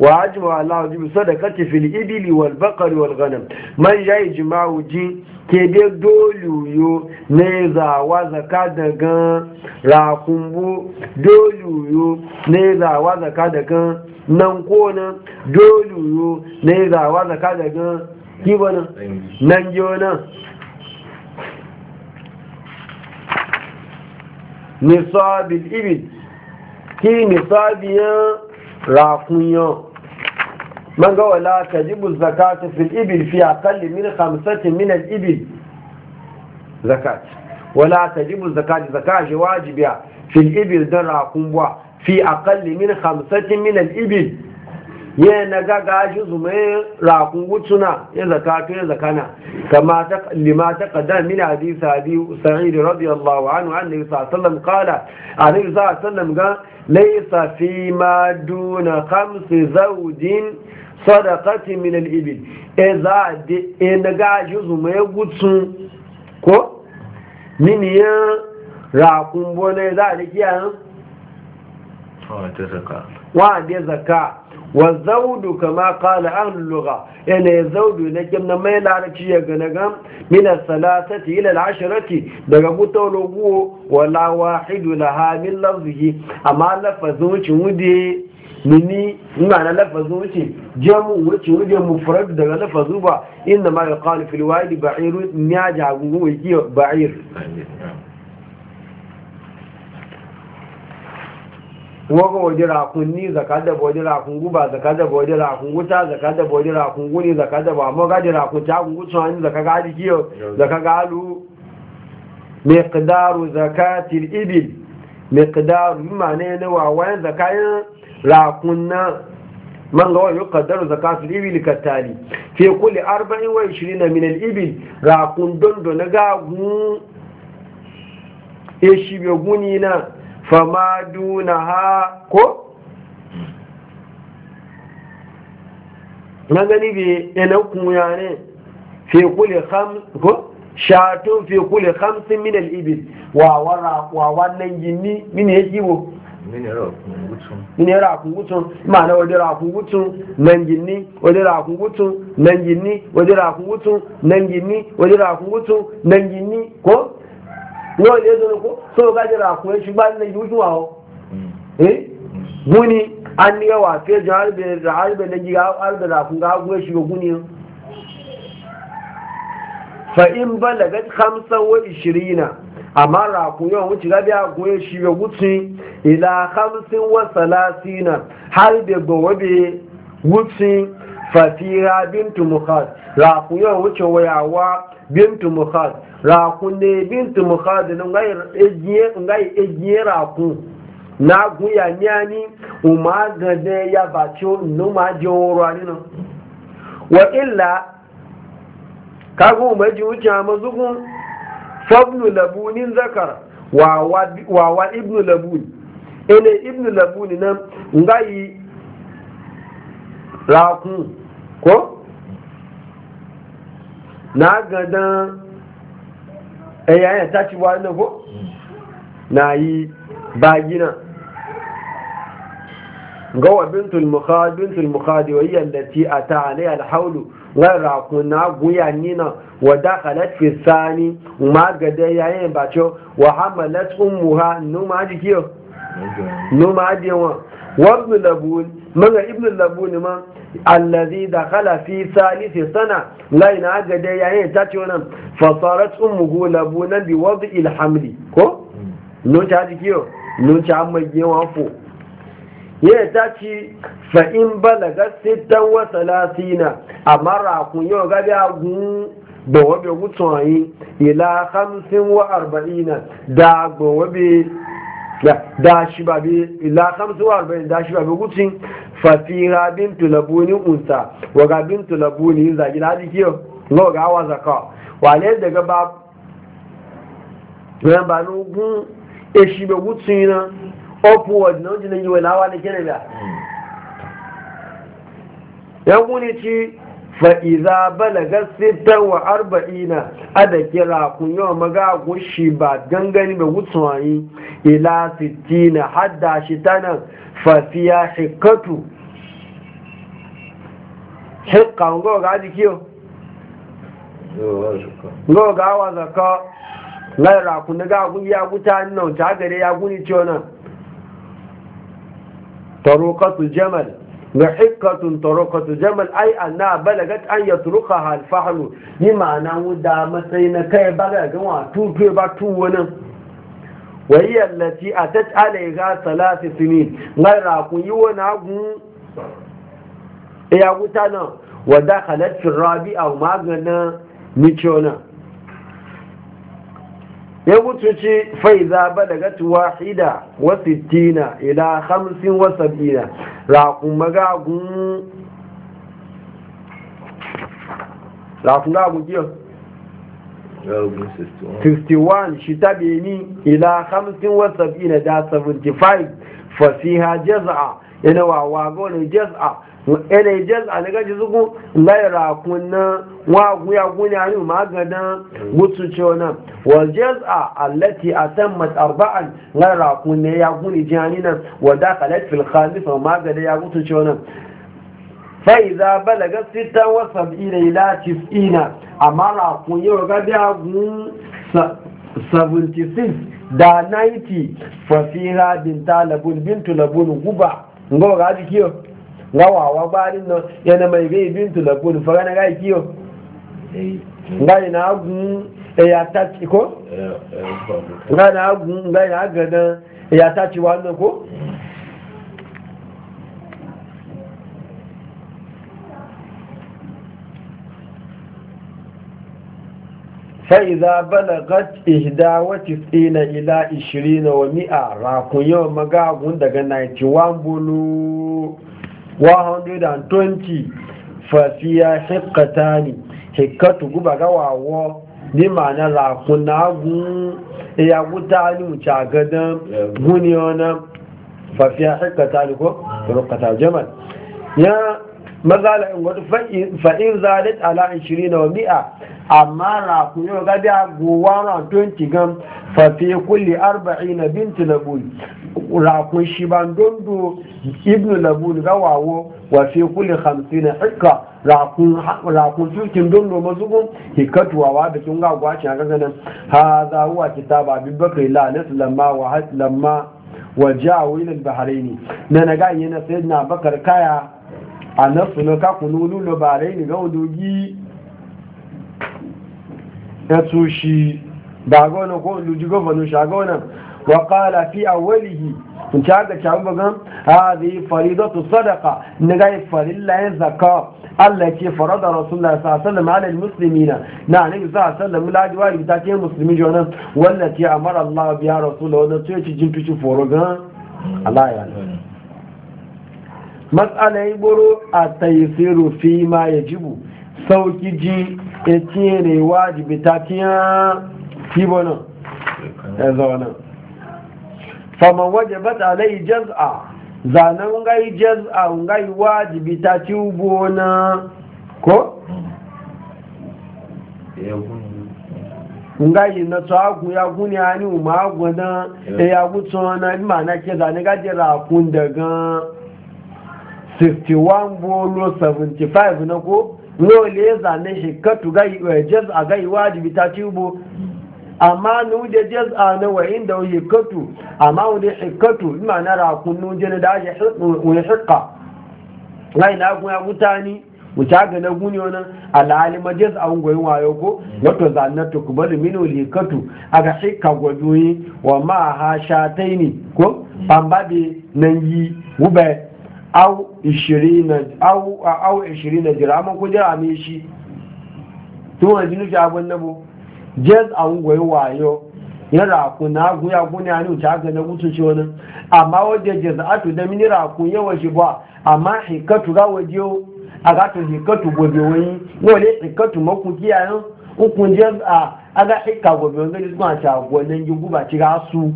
وأجمع الله صدقة في الإبل والبقر والغنم من جاي جماع جين كده دولو يو نيزا وزكاة دقان راكمبو دولو يو نيزا وزكاة دقان ننقونا دولو يو نيزا وزكاة دقان كيبنا ننجونا نصاب الإبل كي نصابيا راكميان من قال لا تجب الزكاة في الإبل في أقل من خمسة من الإبل زكاة ولا تجب الزكاة زكاة واجبة في الإبل درع كنبوا في أقل من خمسة من الإبل yana gaga shi su mai rakun wutsuna ya zaka to ya zakana kama ta lima ta kaddam min hadisi abi sa'id radiyallahu anhu annabi sallallahu qala annabi sallallahu ga laysa fi ma duna khamsi zawjin sadaqati min al-ibil e za de daga e juzu mai gutsun ko min ya rakun bone za da kiyan wa de zakka wa zaudu kama qala ahlu lugha ina e zaudu ne kimna mai larabci ya gane gam min al-thalathati ila al-ashrati daga gutolo guwo wala wahidu laha min lafzihi amma lafazun cin wude mini ma'ana lafazu wuce jamu wuce wuce mufrad daga lafazu ba inda ma ya kawo wadi ba'iru ya jagungu kiyo ba'ir waga waje rakun ni zaka da waje rakun guba zaka da waje rakun guta zaka da waje rakun guni zaka da ba mu gaji rakun ta gungu tsan zaka gaji kiyo zaka galu miqdaru zakatil ibil miqdaru mane ne wa wayan zakayin rakunna man ga wani kaddar zakatul ibil kattali fi kulli ishirina min al ibil rakun dondo na gagu e shi be guni na fama duna ha ko na gani be ina kuya ne fi kulli kham ko shatun fi kulli khamsin min al ibil wa wara wa wannan jinni min yajibo minera akungutun ma'ana wadera akungutun nan gini wadera akungutun nan gini wadera akungutun nan gini wadera akungutun nan gini ko ko so ga jira ní ọ̀lẹ́ ẹ̀dọ́nà kó sọ́rọ̀ gájẹ̀rẹ̀ àkùnrin ṣùgbọ́n ní ìlú jùwà ọ́ gúni be ní ẹwà fẹ́jọ àríbẹ̀ nàíjíríà àríbẹ̀ àkùnrin àkùnrin ṣùgbọ́n shi go guni fa in balagat 25 amma rakun yau wuce gabi a goye shi ya wuce ila hamsin wa salasina har da gobe wuce fatira bintu mukhad rakun yau wuce wayawa bintu mukhad rakun ne bintu mukhad ne ngai ejiye rakun na guya nyani umar gade ya bace numa je woro anina wa illa kago umaji wuce a mazugun fabnu labunin zakar wa wa ibnu labuni ene ibnu labuni nan ngayi rakun ko na gadan ayayen ta ci wa nan ko na yi bagina gawa bintul mukhadi bintul mukhadi wa hiya allati ata alaiha alhawlu rarra kuna guya nina wa dakhalat fi sani ma gada yayin bacho wa hamalat ummuha numa jikiyo numa adiwa wa ibn labun maga ibn labun ma allazi dakhala fi thalith sana la ina gada yayin ta ce wannan fa sarat ummuhu labuna bi wad'i al hamli ko hmm. nun ta jikiyo nun ta amma yawan fo ya ta ci fa'in balaga sitan wasa latina a mara kun yau gabi agun da wabe wutsoni ila hamsin wa arba'ina da wabe da shi ba bi ila hamsin wa arba'ina da shi ba bi gutsin fasiha bin tulabuni unta wa ga bintu yin zagi na hadi kiyo no ga wa zaka ne daga ba ba nugun eshi be gutsin na upward na wajen yi walawa da kere da ya kuni ci fa'iza balaga sitar wa arba'ina a da kira kun yawa maga gushi ba gangani ba wutsuwayi ila na hadda shi ta nan fafiya shekatu shekkan ga jikiyo ga awa zaka na rakun daga gugi ya guta nan ta gare ya guni ciwo nan taruqatul jamal ga hikatun taruqatul jamal ai anna balagat an yatruqaha al-fahl yi ma'ana wuda matsayi na kai balaga wa tutu ba tu wannan wahiya allati atat alayha thalath sinin ngara kun yi wani agun ya wuta nan wa dakhalat fi rabi'a magana michona ya mutu ce faiza ba daga wahida wa sittina ila hamsin wa sab'ina rafin magagun 61 shi ta beni ila hamsin wa sab'ina da 75 fasiha jaza'a yana wawa gole jaza'a ẹnna ìjẹ́ àlẹ́gẹ́jì sókún láìra àkún náà wọ́n àgún yàgún ní àárín màgàdán gbótúnṣe ọ̀nà wọ́n jẹ́ àlẹ́tì àtẹ́mọ̀tì àrùbáàn láìra kún ní yàgún ìjẹ́ àárín náà wọ́n dá àkàlẹ́tì fìlìkàlífà màgàdán yàgún 76 da 90 gawawa gbarin nan yana mai gai bintu da kudu fara na gai kiyo gai na agun ya ta ko gai na agun gai na gadan ya ta wannan ko فإذا بلغت إهدا وتسعين إلى عشرين ومئة راكو يوم مقاقون دقنا يتوان بلو 120 fasiya hikata ne hikatu guba gawawo ni ma'ana rakun na gun iya guta ni wuce gadan guni na, fasiya hikata ne ko hmm. rukata jamal ya mazala in wata fa'in zalit ala 20 wa mi'a amma na kunyo ga biya gowa na 20 gan fafi kulli 40 binti labul rakun shi ban dondo ibnu Labun gawawo wa fi kulli 50 hikka rakun turkin dondo mazugun hikatuwa wa da kin gagwa gwaci a gaganin ha za huwa bin bakai la lamma wa lamma wa ja'u ila al-bahrain na naga yana sayyidina bakar kaya ànáfìnà kákùnlú olúlọ bàárẹ̀ ìnìyàn ológí ẹ̀tún ṣi bàgọ́nà kó lójú gọ́fọ̀nà ṣàgọ́nà wàkàlà fi àwọ́lìyì nke aka kyawu bagan hadhihi faridatu sadaqa nagai farilla yin zakka Allah ke farada rasulullah sallallahu alaihi wasallam alal muslimina na ne za sallam la diwari ta ke wallati amara Allah biya to jin tuci Allah ya matsala yi buru a taisiru fi ma ya jibu sauki ji ya tiyere wajibi ta tiya tibo nan ya zaune faman waje bata alai jaz'a zanen gai jaz'a gai wajibi ta tibo na ko? yi na agu ya guni ani umar na, ya gutsu na na ke zane gajera kun daga 61 bolo 75 na ko lole ya zane shi katu eh, jaz a gai wajibi ta ci bo amma nu da jaz a na wa inda wuyi katu amma wani hikatu ima na rakun nun jini da ake wani hikka ngai na kuma mutane wuce ga na guni wani alhali majaz a ungoyi wayo ko na to zane to kuma da mino likatu a ga hikka gwajoyi wa ma ha sha taini ko ban babe nan yi wube au 20 dirhaman ko dirhami shi tun wani jini shagon nabo jes a ngwai wayo ya raku na agun ya gun ya ni ga na gutun shi wani amma wajen jes a tu da mini raku yawan shi ba amma hikatu ga waje a ga hikatu gobe wani wani hikatu makuki jes a aga hika gobe wani gani suna shagonan yi guba ga su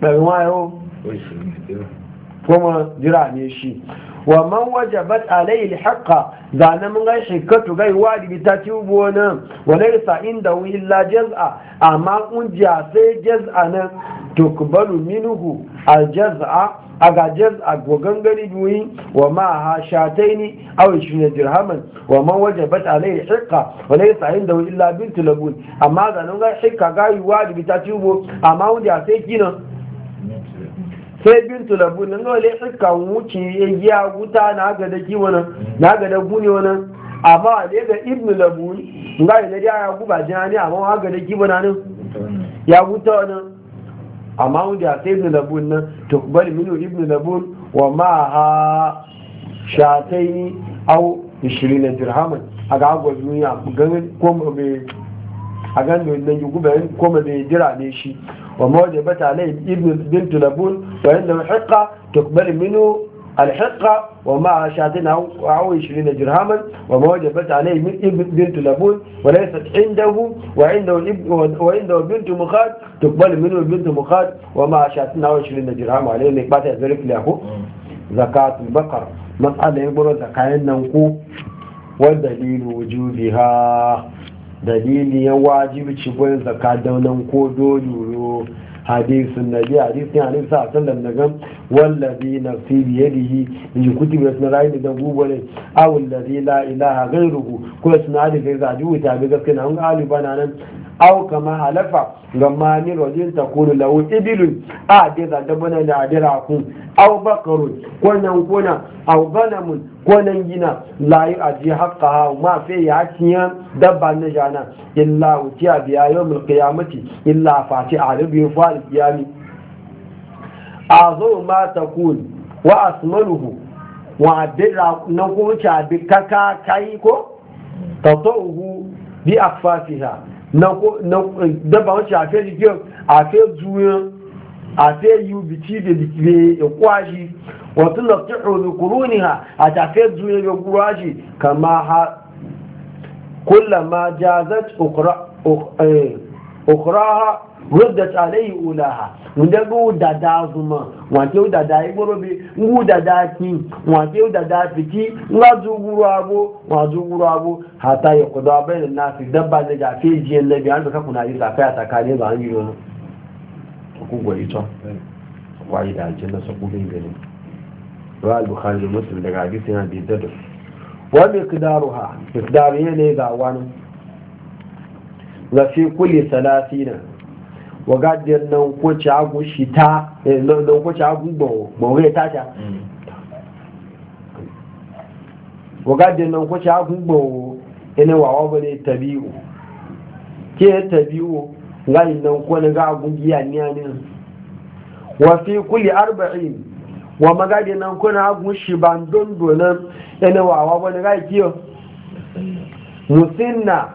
ɗari wayo kuma jira ne shi wa man wajabat alayhi alhaqa zana mun gai shikatu gai wajibi ta ci ubona walaysa inda illa jaz'a amma un ja sai jaz'a nan tukbalu minhu aljaz'a aga jaz'a go gangari duyi wa ma ha shataini aw shine dirhaman wa man wajabat alayhi alhaqa walaysa inda illa bintu labun amma zana mun gai shikka gai wajibi ta ci ubo amma un ja sai kina sai bintu labu nan wale iska wuce ya giya wuta na ga da kiwo nan na ga da gune wannan amma ne ga ibnu labu nga ne da ya guba jani amma ga da kiwo nan ya wuta wannan amma wanda sai ibnu labu nan to bari minu ibnu labu wa ma ha shataini au 20 dirhaman aga agwa ya ganin ko mai a gan da nan yugu bayan kuma da jira ne shi wa mawaje bata lai ibn bin tulabun wa inda haqqa tukbal minu الحقة ومع شاتين أو عشرين درهما وما وجبت عليه من بنت لبون وليست عنده وعنده وعنده بنت مخاد تقبل منه بنت مخاد ومع شاتين أو عشرين درهم عليه نكبات ذلك له زكاة البقر مسألة يقول زكاة النمكو ودليل وجودها dalili ya wajibi ci gwen zaka daunan ko doruro hadisun nabi hadisun ya nisa a sallan daga wallazi na fi biye da yi in ji kuti suna rayu da gugu ne a wallazi la ilaha gan ruhu kuma suna hadisai za a wuta bi gaske na hun alu ba na nan aw kama halafa ga mani rajin ta kunu lahu ibilun a da za da bana da adira ku aw bakarun ko nan kuna aw ganamun ko nan gina la yu aji haqqaha ma fe ya kiya dabba na jana illa utiya biya yawmul qiyamati illa fati arabi fa'al qiyami azu ma takun wa asmanuhu wa adira na kuma ta bi kaka kai ko tatuhu bi akfafiha dabba wacce a fe jikin a fe juyin a fe yi bici da ya kwashi wata na tsiro da kuruni ha a ta fe juyin ya kwashi kama ha kullama jazat ukra eh, okuraha rudda tsalayi ulaha wanda go dada zuma wace dada igborobe ngu dada ki wace dada fiti nga zuguru abo wa zuguru hata ya kudu abai na fi dabba da ga fi jiyan labi an duka kuna isa kai tsakanin ba an yi wani ku gwai to wai da aljanna sa ku bin gani wa al-bukhari muslim daga ne ga wani ga fi kulli salatina wa gadiyar nan ko ci agu shi ta eh, nan ko ci agu bawo ta ta wa gadiyar nan ko ci agu bawo ina wawa bane tabi'u ke tabi'u ga nan ko na ga agu giya ni anin wa fi kulli arba'in wa magadiyar nan ko na agu shi ban dondo nan ina wawa bane ga kiyo musinna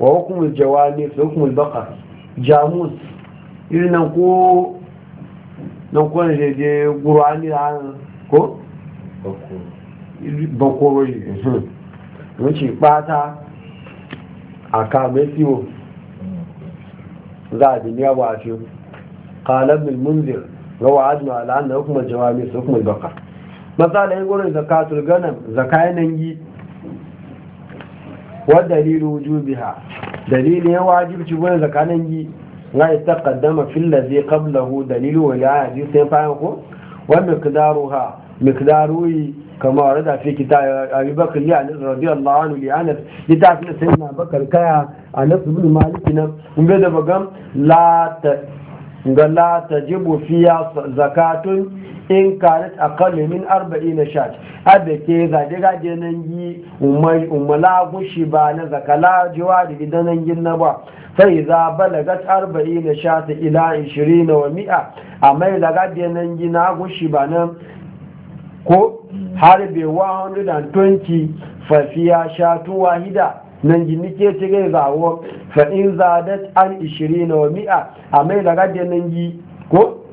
wa hukumul jawani fi hukumul baqar jamus irin nan ko nan ko ne je da an ko bakoro yi wọ́n hmm. ci pata aka mẹ́sí o za a bi ni abu a fi kalabin munzir rawa ajiyar ala'an da hukumar jawami su hukumar baka matsalayin gurin zakatul ganin nan yi wa dalilu wujubiha dalilin ya wajibci wani zakanin yi na ita kaddama filla zai kablahu dalilu wa ya yaji sai fayan ko wa miqdaruha miqdaruhi kama warada fi kitab Abi Bakr ya Ni radiyallahu anhu li Anas litafi sayyidina Bakr kaya Anas ibn Malik nan in bai da bagam la ga la ta tajibu fiya zakatun in kanat aqallu min 40 shat abe ke za diga je nan yi umala gushi ba na zakala jiwa da gidan nan yin na ba sai za balagat 40 shat ila 20 wa 100 amma daga je nan yi na gushi ba nan ko har be 120 fa fiya shatu wahida nan gini ke ce gai zawo fa zadat an ishiri wa wami a mai daga gajen nan yi ko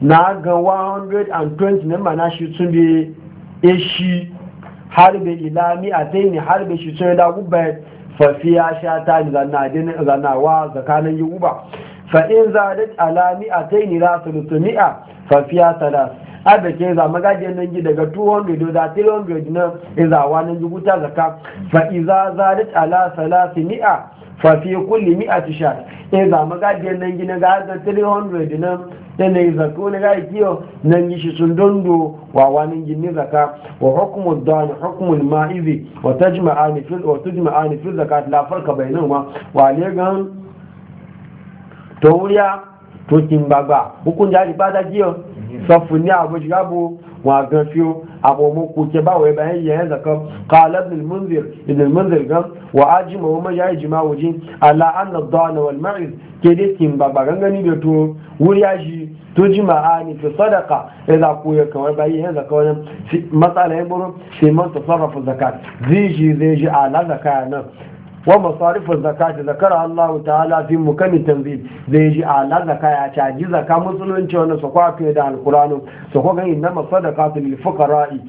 na ga 120 na mana shi sun bi e shi har be ila mi'a tai ne har bai shi sun da gubba fa ya sha ta zanna din zanawa zakanan yi uba fa'in in zadat ala ta yi ne ra 300 fa fiya 3 Ada ke za magaje nan ji daga 200 da 300 na iza wani rubuta zaka fa iza zalit ala salasi mi'a fa fi kulli mi'ati shar e za magaje nan ji na ga 300 na dana yi zaka ne ga kiyo nan ji shi sun dondo wa wani gini zaka wa hukmu dan hukmu ma'izi wa ni fil wa ni fil zakat la farka bainahuma wa Wa gan to wuya tó ti ń gbagba òkú ní àdìbádá jí ọ sọ fún ní àwọn òṣìṣàbò wọn àgàn fi ó àwọn ọmọ kò tẹ báwọ ẹbà ẹyẹ ẹ zàkan kààlẹ ìdìlmúndìr ìdìlmúndìr gan wà á jí mọ̀wọ́ mọ́yá ìjìmá òjì àlà àna dọ́ọ̀nà mẹ́rin kéde tí ń gbagba gangan níbi tó wúrí àjì tó jí mà ní fi sọ́dọ̀kà ẹ̀dà kó yẹ kàn ẹbà ẹyẹ zàkan wọn masala ẹgbọ́rọ̀ ṣe mọ́ tọ́sọ́rọ̀ fún zakat zíjì zíjì àlà zakat náà wa masarifin zakati zakar Allah ta'ala fi mukamin tanzil zai ji ala zaka ya caji zaka musulunci wani su fiye da alkuranu su kwa gani na masadakatu lil fuqara'i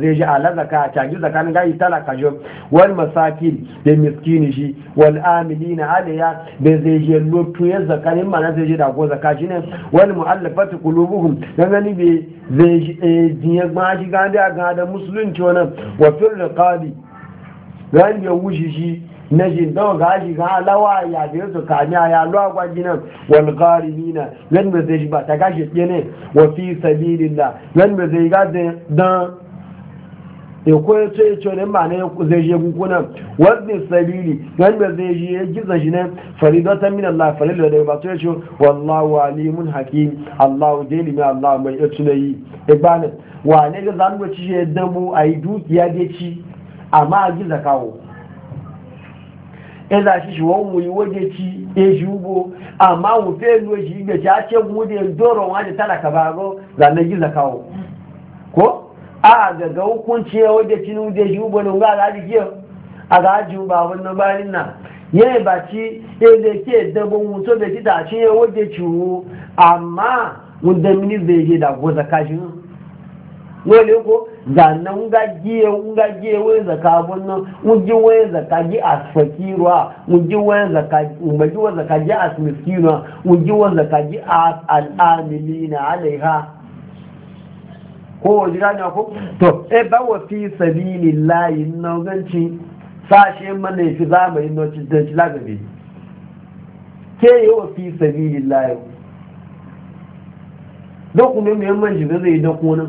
zai ji ala zaka ya caji zaka ga yi talaka jo wal masakin da miskini shi wal amilina alaya da zai ji lotu ya zaka ne mana zai ji da ko zaka shi ne wal mu'allafati qulubuhum dan gani bai zai ji eh dinya ma shi ga da musulunci wani wa fil ƙari. ran ya wuce shi na shi don ga shi ga alawa ya biyar su kami a yalo a nan walgari nina zan ba zai shi ba ta gashi tsaye ne wa fi sabilillah zan ba zai ga dan ya e koya ce ya ce ma ne zai shi kukuna wani sabili wanda zai shi ya gizo shi ne faridata min Allah faridata da ba to ya ce wallahu alimun hakim allahu da ilimi allahu mai ya tunayi ibana e wa ne ga zango ci ya damu a yi dukiya da ci amma a giza kawo ya za shi shi wọ́n wuyi waje ci e shi ugbo amma wufe nuwa shi ga ci a ce gudun doron waje tana kabaro zanen giza kawo ko a gaga hukunci ya waje ci nuwa shi ugbo ne ga zaji kiyar a ga zaji ba wannan bayanin na ba yẹ́ ìbàtí eléke ìdẹ́gbóhun tó bẹ̀ títà tí yẹ́ ó dé tù ú àmá wọn dẹ́mí ní vèèyè dàgbò zakajú wọn lè ko zanna nga giye nga giye we zaka bunno uji we zaka ji asfakirwa uji we zaka umaji we zaka ji asmiskinwa uji we zaka ji al'amilina alaiha ko waje gani ko to e ba wa fi sabilillahi nauganci sashe mana fi zamani no ci da ci lagabe ke yi wa fi sabilillahi dokunan mai manjiga zai dokunan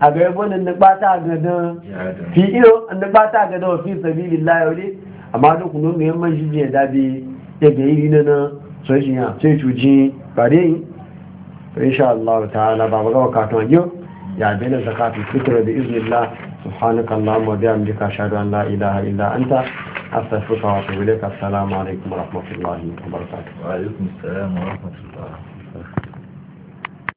a ga yabo nan nabata ga da fi ido an iyo nabata ga da fi sabilillah wale amma duk kuno ne man shi je da bi da ga yi na na so shi ya sai tuji bare insha Allah ta'ala baba ga wakatun yo ya bela zakati fitra bi iznillah subhanaka allahumma wa bihamdika ashhadu an la ilaha illa anta astaghfiruka wa atubu ilaik assalamu alaikum wa rahmatullahi wa barakatuh wa alaikum assalam wa الله